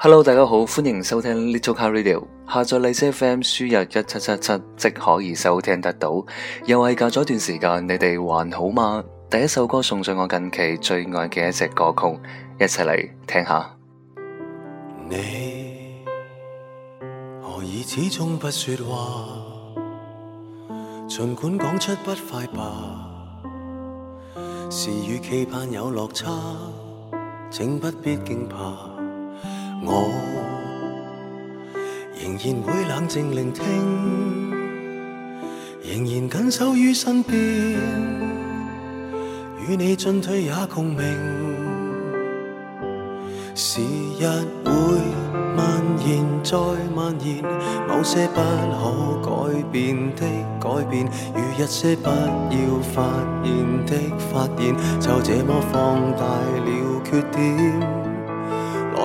Hello，大家好，歡迎收聽《Little Car Radio》，下載荔枝 FM 輸入一七七七即可以收聽得到。又係隔咗段時間，你哋還好嗎？第一首歌送上我近期最愛嘅一隻歌曲，一齊嚟聽下。你何以始終不說話？盡管講出不快吧，事與期盼有落差，請不必驚怕。我仍然會冷靜聆聽，仍然緊守於身邊，與你進退也共鳴。時日會蔓延再蔓延，某些不可改變的改變，與一些不要發現的發現，就這麼放大了缺點。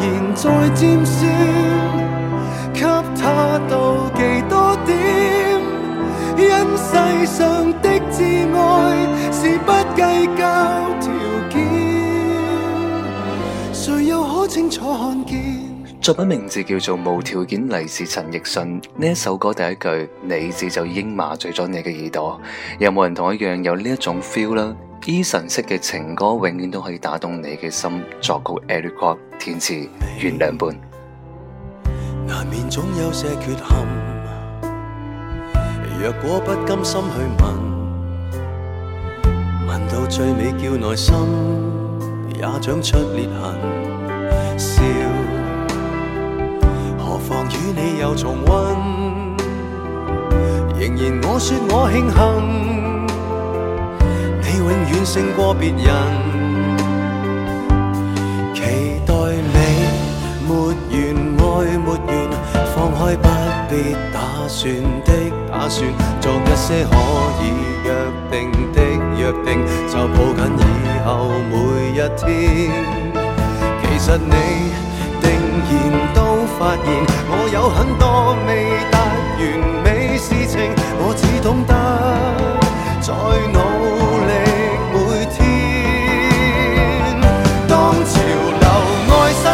言在尖酸，給他妒忌多點。因世上的至愛是不計較條件，誰又可清楚看見？作品名字叫做《無條件》，嚟自陳奕迅呢一首歌。第一句，你字就已經麻醉咗你嘅耳朵。有冇人同我一樣有呢一種 feel 呢？E 神式嘅情歌，永遠都可以打動你嘅心。作曲 Eric Kwok，填詞原亮本。難免總有些缺憾，若果不甘心去問，問到最尾叫內心也長出裂痕。笑，何妨與你又重溫？仍然我說我慶幸。永遠勝過別人，期待你沒完愛沒完，放開不必打算的打算，做一些可以約定的約定，就抱緊以後每一天。其實你定然都發現我有很多未答。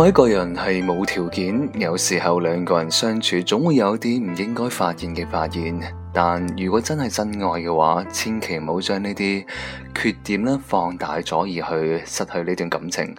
愛一個人係冇條件，有時候兩個人相處總會有一啲唔應該發現嘅發現。但如果真係真愛嘅話，千祈唔好將呢啲。缺點咧放大咗，而去失去呢段感情。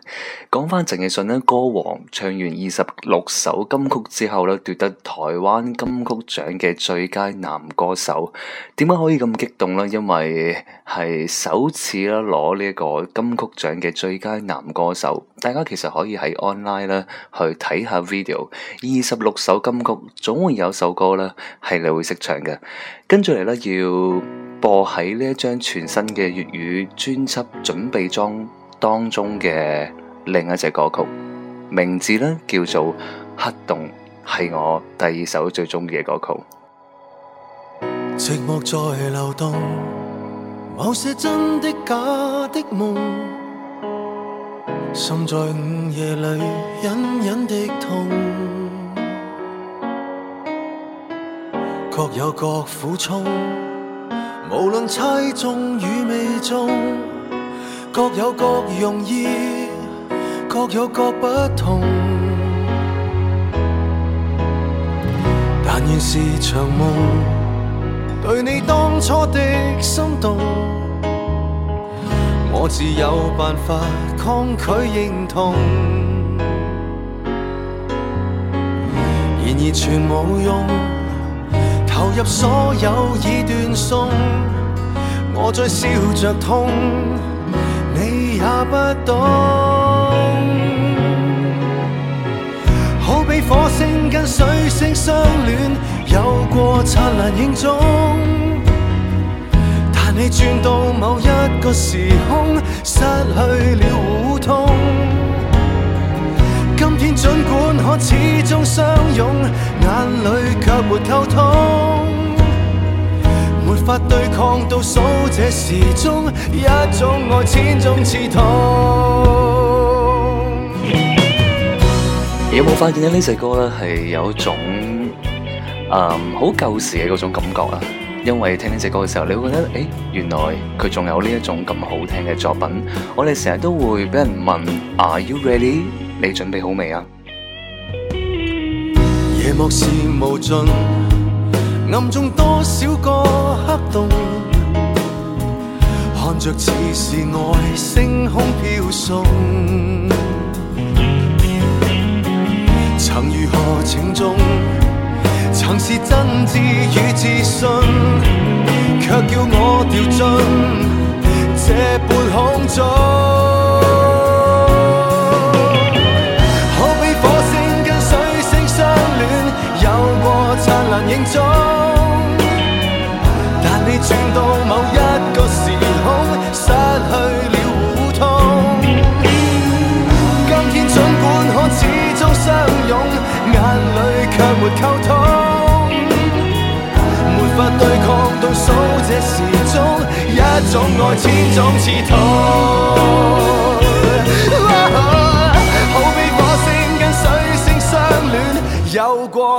講翻陳奕迅呢歌王唱完二十六首金曲之後咧，奪得台灣金曲獎嘅最佳男歌手，點解可以咁激動呢？因為係首次啦，攞呢個金曲獎嘅最佳男歌手。大家其實可以喺 online 咧去睇下 video，二十六首金曲，總會有首歌咧係你會識唱嘅。跟住嚟咧要。播喺呢一張全新嘅粵語專輯準備中當中嘅另一隻歌曲，名字呢叫做《黑洞》，係我第二首最中意嘅歌曲。寂寞在流動，某些真的假的夢，心在午夜裏隱隱的痛，各有各苦衷。無論猜中與未中，各有各用意，各有各不同。但願是場夢，對你當初的心動，我自有辦法抗拒認同。然而全無用。投入所有已斷送，我再笑着痛，你也不懂。好比火星跟水星相戀，有過燦爛影蹤，但你轉到某一個時空，失去了互通。今天儘管可始終相擁。有冇發現咧，呢隻歌咧，係有一種誒，好舊時嘅嗰種感覺啊？因為聽呢隻歌嘅時候，你會覺得誒，原來佢仲有呢一種咁好聽嘅作品。我哋成日都會俾人問 Are you ready？你準備好未啊？寂寞是無盡，暗中多少個黑洞，看着似是外星空飄送。曾如何鄭重，曾是真摯與自信，卻叫我掉進這半空中。鏡中，但你轉到某一個時空，失去了互通。今天儘管可始終相擁，眼裡卻沒溝通，沒法對抗倒數這時鐘，一種愛千種刺痛。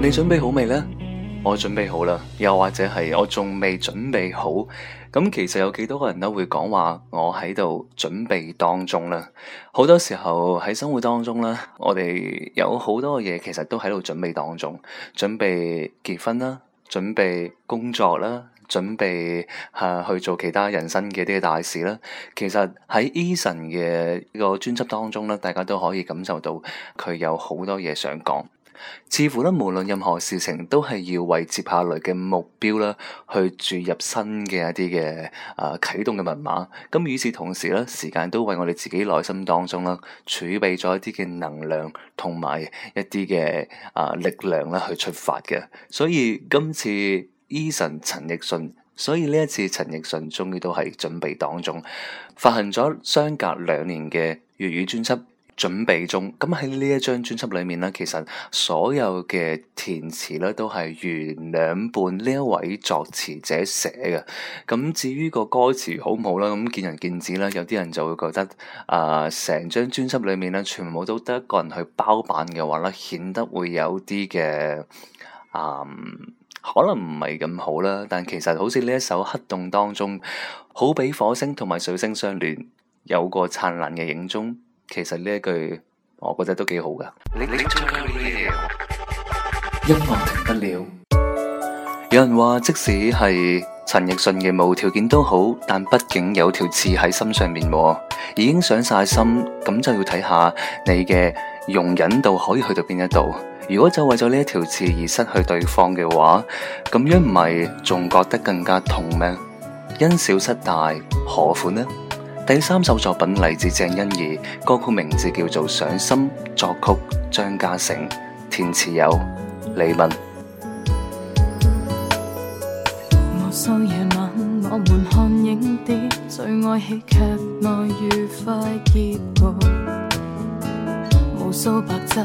你準備好未呢？我準備好啦，又或者係我仲未準備好。咁其實有幾多個人都會講話我喺度準備當中啦。好多時候喺生活當中呢，我哋有好多嘅嘢其實都喺度準備當中，準備結婚啦，準備工作啦。準備嚇去做其他人生嘅啲大事啦。其實喺 Eason 嘅呢個專輯當中咧，大家都可以感受到佢有好多嘢想講。似乎咧，無論任何事情都係要為接下來嘅目標啦，去注入新嘅一啲嘅啊啟動嘅密碼。咁與此同時咧，時間都為我哋自己內心當中啦，儲備咗一啲嘅能量同埋一啲嘅啊力量咧，去出發嘅。所以今次。Eason 陳奕迅，所以呢一次陳奕迅終於都係準備當中，發行咗相隔兩年嘅粵語專輯《準備中》。咁喺呢一張專輯裏面呢，其實所有嘅填詞咧都係袁兩半呢一位作詞者寫嘅。咁至於個歌詞好唔好啦？咁見仁見智啦。有啲人就會覺得啊，成、呃、張專輯裏面咧，全部都得一個人去包辦嘅話呢，顯得會有啲嘅啊。呃可能唔係咁好啦，但其實好似呢一首黑洞當中，好比火星同埋水星相連，有個燦爛嘅影蹤，其實呢一句我覺得都幾好噶。音樂停不了，有人話即使係陳奕迅嘅無條件都好，但畢竟有條刺喺心上面，哦，已經上晒心，咁就要睇下你嘅容忍度可以去到邊一度。如果就為咗呢一條詞，而失去對方嘅話，咁樣唔係仲覺得更加痛咩？因小失大，何苦呢！第三首作品嚟自鄭欣宜，歌曲名字叫做《上心》，作曲張家誠，填詞有李敏。無數夜晚，我們看影碟，最愛喜劇內愉快結局。無數白晝。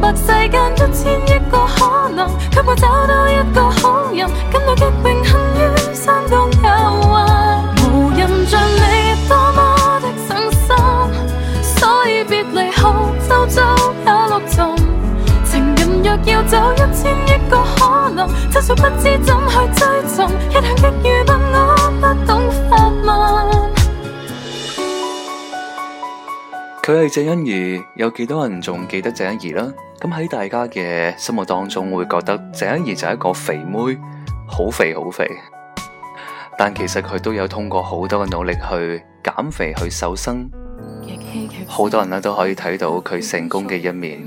白世間一千億個可能，卻沒找到一個好人，感到極榮幸於心中有愛。 無人像你多麼的上心，所以別離後周遭也落寂。情人若要走一千億個可能，真所不知怎去追尋，一響一。佢係鄭欣宜。有幾多人仲記得鄭欣宜啦？咁喺大家嘅心目當中，會覺得鄭欣宜就係一個肥妹，好肥好肥。但其實佢都有通過好多嘅努力去減肥去、去瘦身。好多人呢都可以睇到佢成功嘅一面。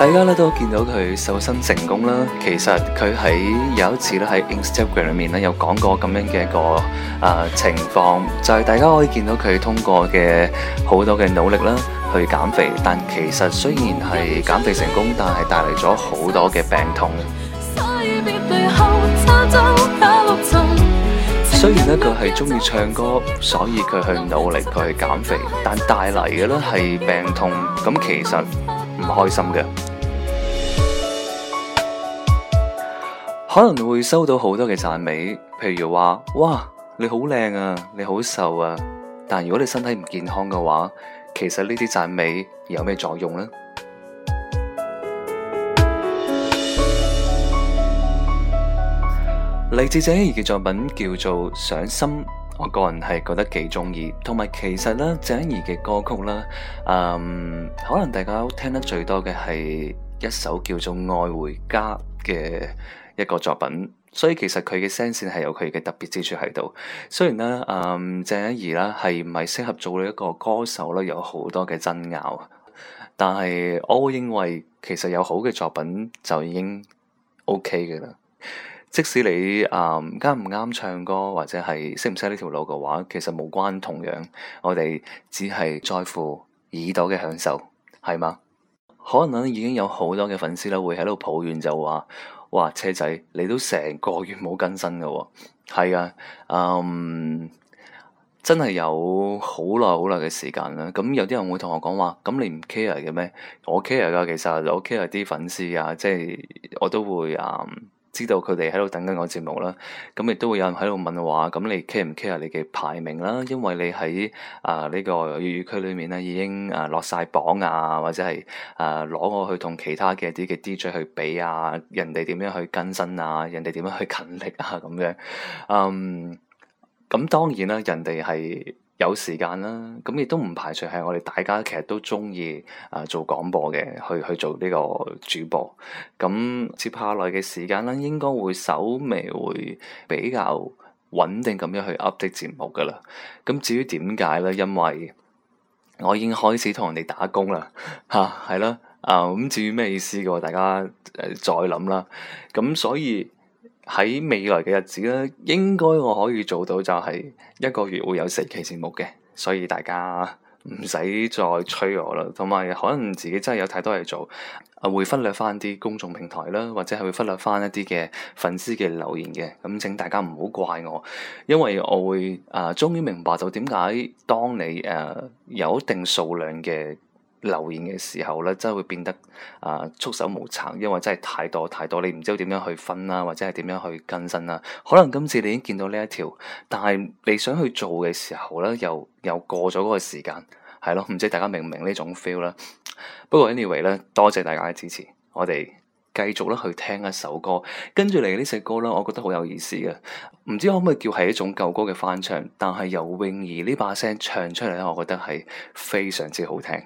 大家咧都見到佢瘦身成功啦。其實佢喺有一次咧喺 Instagram 裏面咧有講過咁樣嘅一個啊、呃、情況，就係、是、大家可以見到佢通過嘅好多嘅努力啦去減肥，但其實雖然係減肥成功，但係帶嚟咗好多嘅病痛。雖然咧佢係中意唱歌，所以佢去努力佢去減肥，但帶嚟嘅咧係病痛，咁其實唔開心嘅。可能會收到好多嘅讚美，譬如話，哇，你好靚啊，你好瘦啊。但如果你身體唔健康嘅話，其實呢啲讚美有咩作用呢？嚟 自鄭欣兒嘅作品叫做《上心》，我個人係覺得幾中意。同埋，其實呢，鄭欣兒嘅歌曲啦，嗯，可能大家聽得最多嘅係一首叫做《愛回家》嘅。一個作品，所以其實佢嘅聲線係有佢嘅特別之處喺度。雖然呢，嗯，鄭欣宜啦係唔係適合做呢一個歌手咧，有好多嘅爭拗，但係我會認為其實有好嘅作品就已經 OK 嘅啦。即使你誒啱唔啱唱歌或者係適唔適呢條路嘅話，其實冇關同樣，我哋只係在乎耳朵嘅享受，係嘛？可能已經有好多嘅粉絲咧會喺度抱怨就，就話。哇，車仔，你都成個月冇更新嘅喎、哦，係啊、嗯，真係有好耐好耐嘅時間啦。咁有啲人會同我講話，咁你唔 care 嘅咩？我 care 㗎，其實我 care 啲粉絲啊，即係我都會啊。嗯知道佢哋喺度等緊我節目啦，咁亦都會有人喺度問話，咁你 care 唔 care 你嘅排名啦？因為你喺啊呢個粵語區裏面咧已經啊落晒榜啊，或者係啊攞我去同其他嘅啲嘅 DJ 去比啊，人哋點樣去更新啊，人哋點樣去勤力啊咁樣，嗯，咁當然啦，人哋係，有時間啦，咁亦都唔排除係我哋大家其實都中意啊做廣播嘅，去去做呢個主播。咁接下來嘅時間咧，應該會稍微會比較穩定咁樣去 up 啲節目噶啦。咁至於點解咧？因為我已經開始同人哋打工啦，嚇係啦，啊咁、啊、至於咩意思嘅喎？大家誒再諗啦。咁所以。喺未來嘅日子咧，應該我可以做到就係一個月會有四期節目嘅，所以大家唔使再催我啦。同埋可能自己真係有太多嘢做，會忽略翻啲公眾平台啦，或者係會忽略翻一啲嘅粉絲嘅留言嘅。咁請大家唔好怪我，因為我會啊，呃、終於明白到點解當你誒、呃、有一定數量嘅。留言嘅時候咧，真係會變得啊、呃、束手無策，因為真係太多太多，你唔知道點樣去分啦，或者係點樣去更新啦。可能今次你已經見到呢一條，但係你想去做嘅時候咧，又又過咗嗰個時間，係咯，唔知大家明唔明呢種 feel 啦？不過 anyway 咧，多謝大家嘅支持，我哋繼續咧去聽一首歌，跟住嚟呢首歌咧，我覺得好有意思嘅。唔知可唔可以叫係一種舊歌嘅翻唱，但係由泳兒呢把聲唱出嚟咧，我覺得係非常之好聽。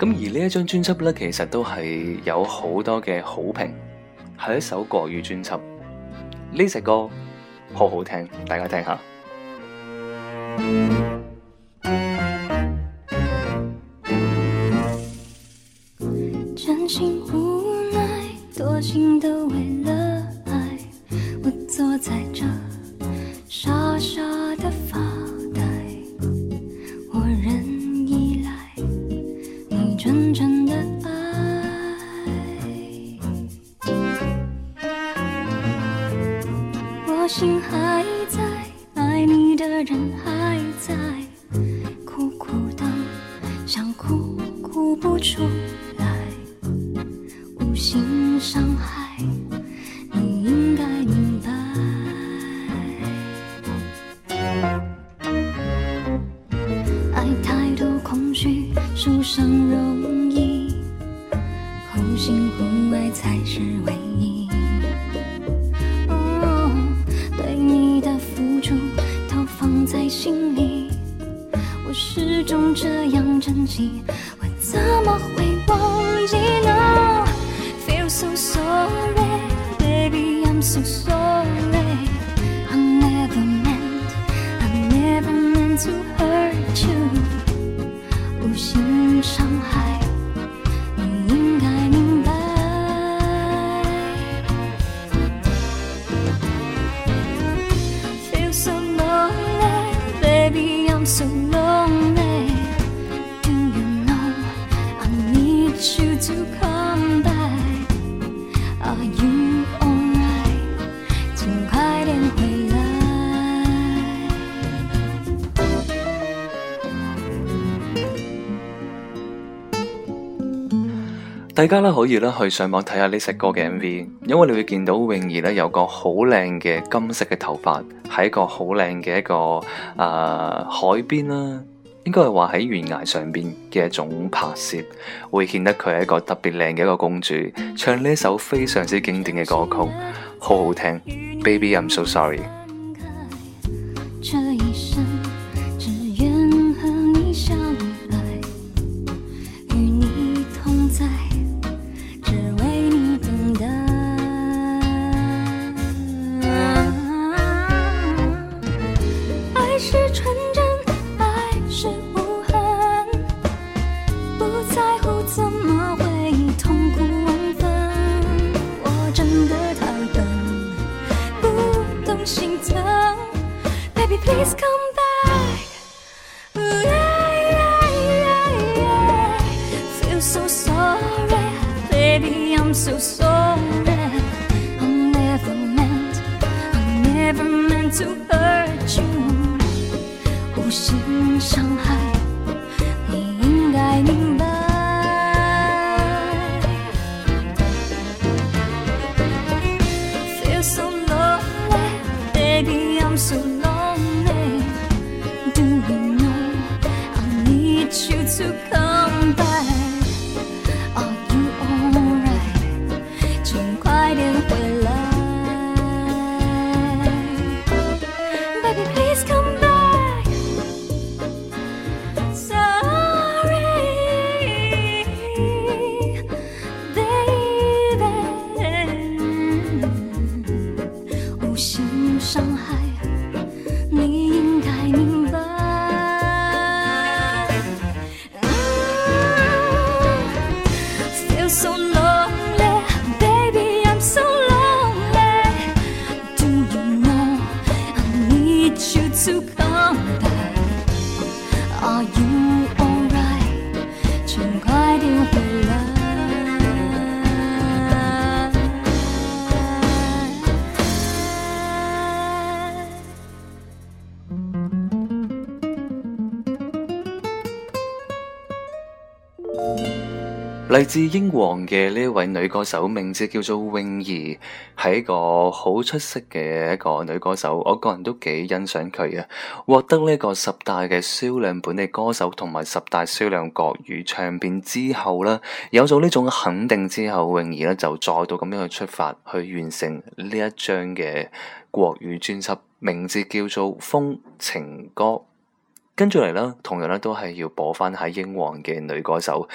咁而呢一張專輯呢，其實都係有好多嘅好評。係一首國語專輯，呢隻歌好好聽，大家聽下。太多空虛，受傷容易，互信互愛才是唯一，哦。對你的付出都放在心裏，嗯，我始終這樣珍惜，我怎麼會忘記呢？feel so sorry，baby，I'm so sorry。大家咧可以咧去上網睇下呢首歌嘅 MV，因為你會見到泳兒咧有個好靚嘅金色嘅頭髮，喺一個好靚嘅一個誒、呃、海邊啦，應該係話喺懸崖上邊嘅一種拍攝，會見得佢係一個特別靚嘅一個公主，唱呢首非常之經典嘅歌曲，好好聽，Baby I'm so sorry。嚟自英皇嘅呢位女歌手，名字叫做泳兒，係一個好出色嘅一個女歌手，我個人都幾欣賞佢嘅。獲得呢個十大嘅銷量本地歌手同埋十大銷量國語唱片之後咧，有咗呢種肯定之後，泳兒咧就再度咁樣去出發，去完成呢一張嘅國語專輯，名字叫做《風情歌》。跟住嚟啦，同樣咧都係要播翻喺英皇嘅女歌手。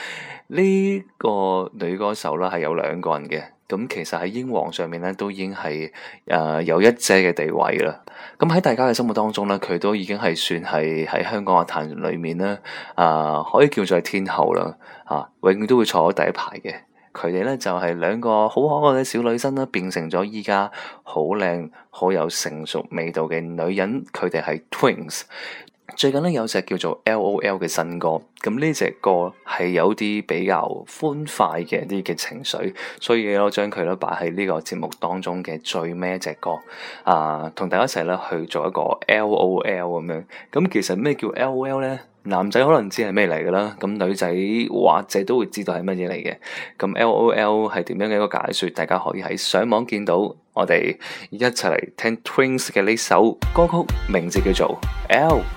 呢、這個女歌手啦，係有兩個人嘅。咁其實喺英皇上面咧都已經係誒、呃、有一姐嘅地位啦。咁喺大家嘅心目當中咧，佢都已經係算係喺香港樂壇裏面咧啊、呃，可以叫做天后啦。啊，永遠都會坐喺第一排嘅。佢哋咧就係、是、兩個好可愛嘅小女生啦，變成咗依家好靚、好有成熟味道嘅女人。佢哋係 Twins。最近咧有隻叫做 LOL 嘅新歌，咁呢隻歌係有啲比較歡快嘅啲嘅情緒，所以我將佢咧擺喺呢個節目當中嘅最尾一隻歌啊，同大家一齊咧去做一個 LOL 咁樣。咁其實咩叫 LOL 呢？男仔可能知係咩嚟噶啦，咁女仔或者都會知道係乜嘢嚟嘅。咁 LOL 係點樣嘅一個解説？大家可以喺上網見到，我哋一齊嚟聽 Twins 嘅呢首歌曲，名字叫做 L。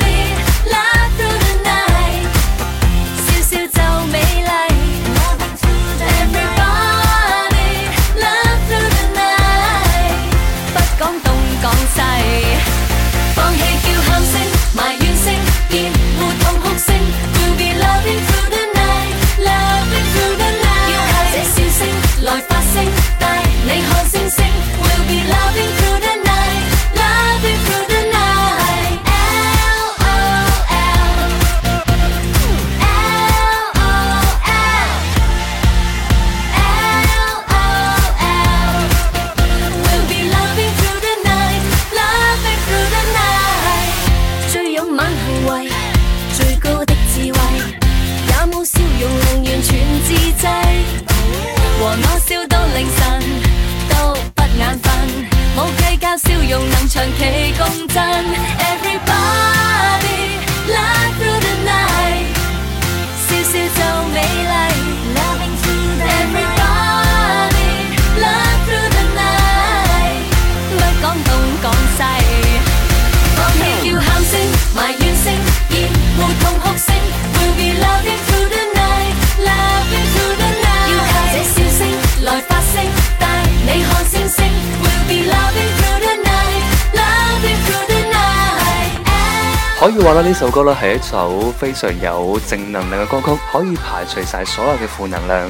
話啦，呢首歌咧係一首非常有正能量嘅歌曲，可以排除晒所有嘅負能量。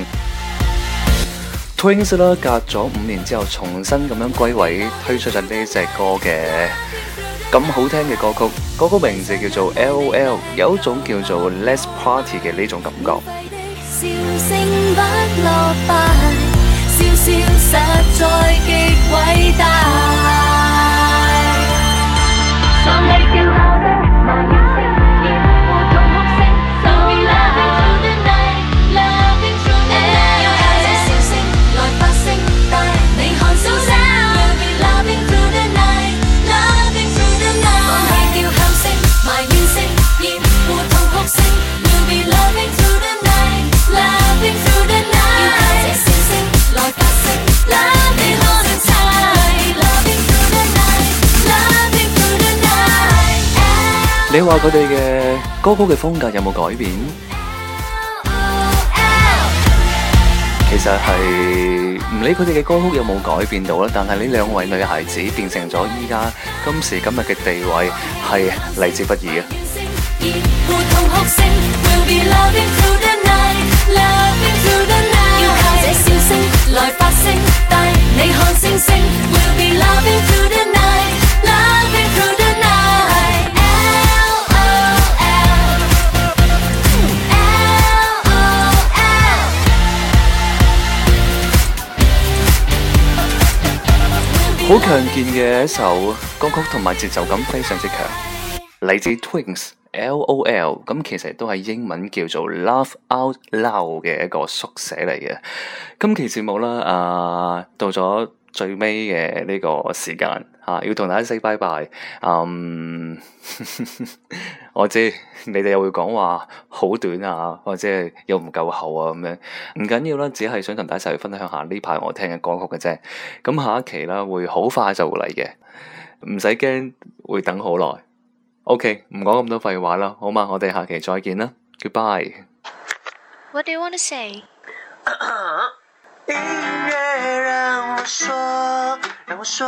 Twins 咧隔咗五年之後，重新咁樣歸位推出咗呢隻歌嘅、咁好聽嘅歌曲，嗰個名字叫做 LOL，有一種叫做 Let's Party 嘅呢種感覺。佢哋嘅歌曲嘅風格有冇改變？其實係唔理佢哋嘅歌曲有冇改變到啦，但係呢兩位女孩子變成咗依家今時今日嘅地位，係嚟之不易嘅。強健嘅一首歌曲，同埋節奏感非常之強，嚟自 Twins。LOL，咁其實都係英文叫做 Laugh Out Loud 嘅一個縮寫嚟嘅。今期節目啦，啊，到咗最尾嘅呢個時間。要同大家 say bye bye，嗯，um, 我知你哋又會講話好短啊，或者又唔夠厚啊咁樣，唔緊要啦，只係想同大家一齊分享下呢排我聽嘅歌曲嘅啫。咁下一期啦，會好快就會嚟嘅，唔使驚，會等好耐。OK，唔講咁多廢話啦，好嘛，我哋下期再見啦，Goodbye。What do you want to say？音樂，讓我說